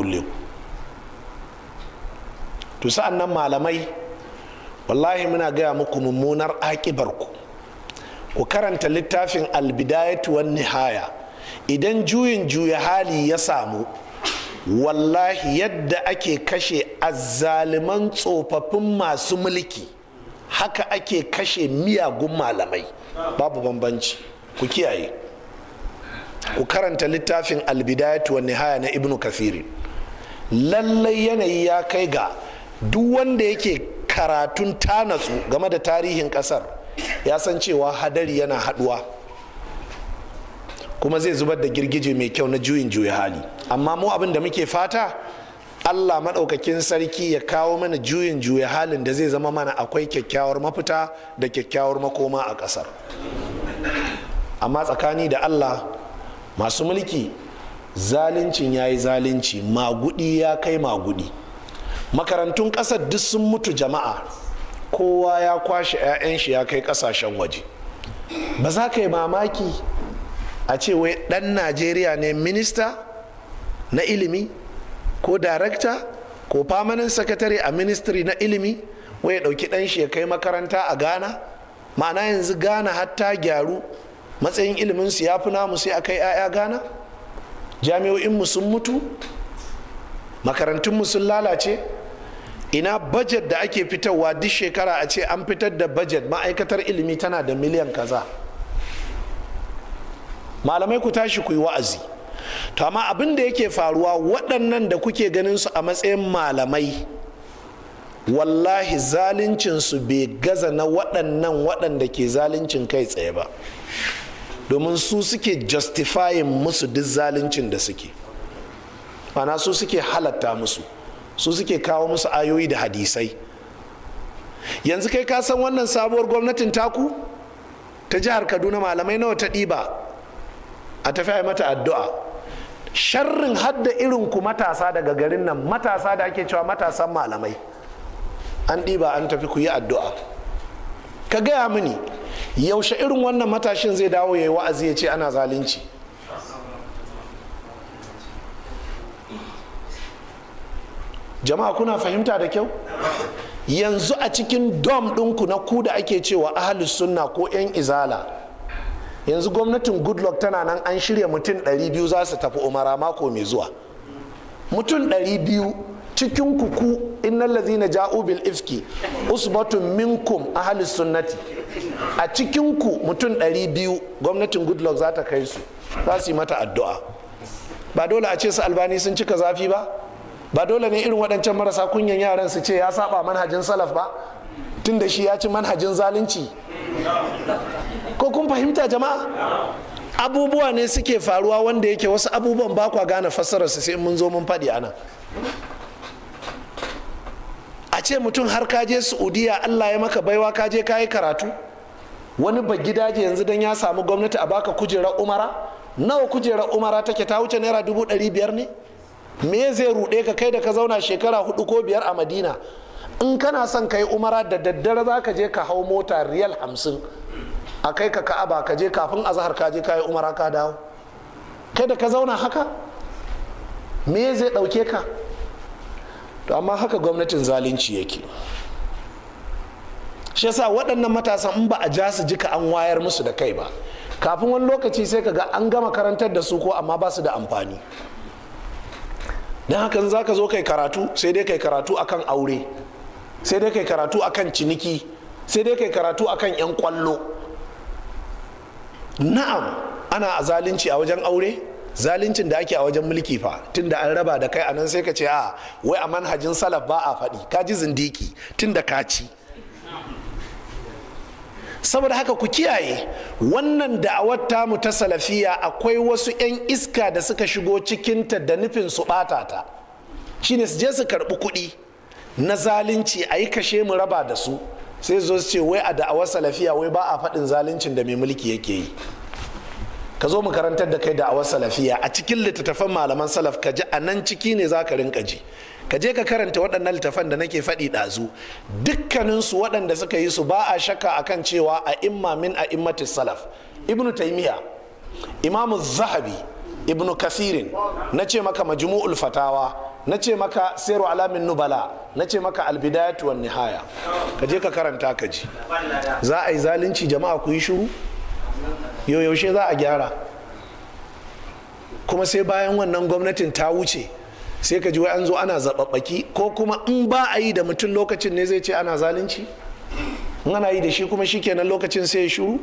kullum to sa'an nan malamai wallahi muna gaya muku mummunar akibar ku karanta littafin albidayatu wan nihaya idan juyin juya hali ya samu wallahi yadda ake kashe azzaliman tsofaffin masu mulki haka ake kashe miyagun malamai babu bambanci ku kiyaye ku karanta littafin albidayatu wa nihaya na ibnu kasiri lallai yanayi ya kai ga duk wanda yake karatun tanatsu game da tarihin kasar ya san cewa hadari yana haduwa kuma zai zubar da girgije mai kyau na juyin juya hali amma mu abin da muke fata allah maɗaukakin sarki ya kawo mana juyin juya halin da zai zama mana akwai kyakkyawar mafita da kyakkyawar makoma a ƙasar amma tsakani da allah masu mulki Zalincin ya yi zalunci magudi ya kai magudi makarantun ƙasar duk sun mutu jama'a kowa ya kwashe 'ya'yan shi ya kai ƙasashen waje ba za ka yi mamaki a ce wai ɗan najeriya ne minista na ilimi ko darakta ko famanin sakatare a ministry na ilimi wai ya ɗauki ɗan shi ya kai makaranta a ghana ma'ana yanzu ghana hatta gyaru matsayin iliminsu ya fi namu sai a kai 'ya'ya ghana jami'o'inmu sun mutu makarantunmu sun lalace ina bajet da ake fitarwa duk shekara a ce an fitar da bajet ma'aikatar ilimi tana da miliyan kaza malamai ku tashi ku yi wa'azi to amma abin da yake faruwa waɗannan da kuke ganin su a matsayin malamai wallahi zaluncinsu bai gaza na waɗannan waɗanda ke zaluncin kai tsaye ba domin su suke justifayin musu duk zaluncin da suke mana su suke halatta musu su suke kawo musu ayoyi da hadisai yanzu kai ka san wannan sabuwar gwamnatin taku ta jihar kaduna malamai nawa ta ɗiba a tafi mata addu'a sharrin hadda irin ku matasa daga garin nan matasa da ake cewa matasan malamai an ɗiba an tafi ku yi addu'a ka gaya mini yaushe irin wannan matashin zai dawo ya yi wa'azi ya ce ana zalunci jama'a kuna fahimta da kyau yanzu a cikin dom ɗinku na ku da ake cewa ahalus sunna ko 'yan izala yanzu gwamnatin goodluck tana nan an shirya mutum 200 za su tafi umara mako mai zuwa mutum 200 cikin kuku innal lazina ja'u bil ifki usbatun minkum ahalus sunnati a cikinku mutum 200 gwamnatin goodluck za ta kai su za su yi mata addu'a ba dole a ce su albani sun cika zafi ba ba dole ne irin waɗancan marasa kunyan yaran su ce ya saba manhajin salaf ba tun da shi ya ci manhajin zalunci ko kun fahimta jama'a abubuwa ne suke faruwa wanda yake wasu abubuwan ba kwa gane fassararsu sai mun zo mun faɗi ana a ce mutum har ka je saudiya allah ya maka baiwa ka je ka yi karatu wani ba gidaje yanzu don ya samu gwamnati a baka kujerar umara nawa kujerar umara take ta wuce naira dubu ɗari biyar ne me zai ruɗe ka kai da ka zauna shekara hudu ko biyar a madina in kana son ka umara da daddare za ka je ka hau mota riyal hamsin a kai ka ka'aba ka je kafin azahar ka je ka yi umara ka dawo kai da ka zauna haka me zai ɗauke ka to amma haka gwamnatin zalunci yake shi yasa waɗannan matasan in ba a ja su jika an wayar musu da kai ba kafin wani lokaci sai ka ga an gama karantar da su ko amma ba su da amfani don hakan za ka zo kai karatu sai dai kai karatu akan aure sai dai kai karatu akan ciniki sai dai kai karatu akan 'yan kwallo na'am ana a zalunci a wajen aure zaluncin da ake a wajen mulki fa tunda an raba da kai anan sai ka ce a ah, wai a manhajin salaf ba a faɗi ka ji zindiki tunda ka ci saboda haka ku kiyaye wannan da'awar mu ta salafiya akwai wasu 'yan iska da suka shigo cikinta da nufin su ɓata ta shine su je su karɓi kuɗi na zalunci a yi kashe mu raba da su sai zo su ce wai a da'awar salafiya wai ba a faɗin zaluncin da mai mulki yake yi ka zo mu karantar da kai da awar salafiya a cikin littattafan malaman salaf ka ji a nan ciki ne za ka rinka ji ka je ka karanta waɗannan littafan da nake faɗi ɗazu dukkaninsu waɗanda suka yi su ba a shakka akan cewa a imma min a immati salaf ibnu taimiya imamu zahabi ibnu kasirin na ce maka majmu'ul fatawa na ce maka sayarwa alamin nubala na ce maka albidayatu wan nihaya ka je ka karanta ka ji za a yi zalunci jama'a ku yi shiru yau yaushe za a gyara kuma sai bayan wannan gwamnatin ta wuce sai ka ji wai an zo ana zaɓaɓɓaki ko kuma in ba a yi da mutum lokacin ne zai ce ana zalunci in ana yi da shi kuma shi shikenan lokacin sai ya shuru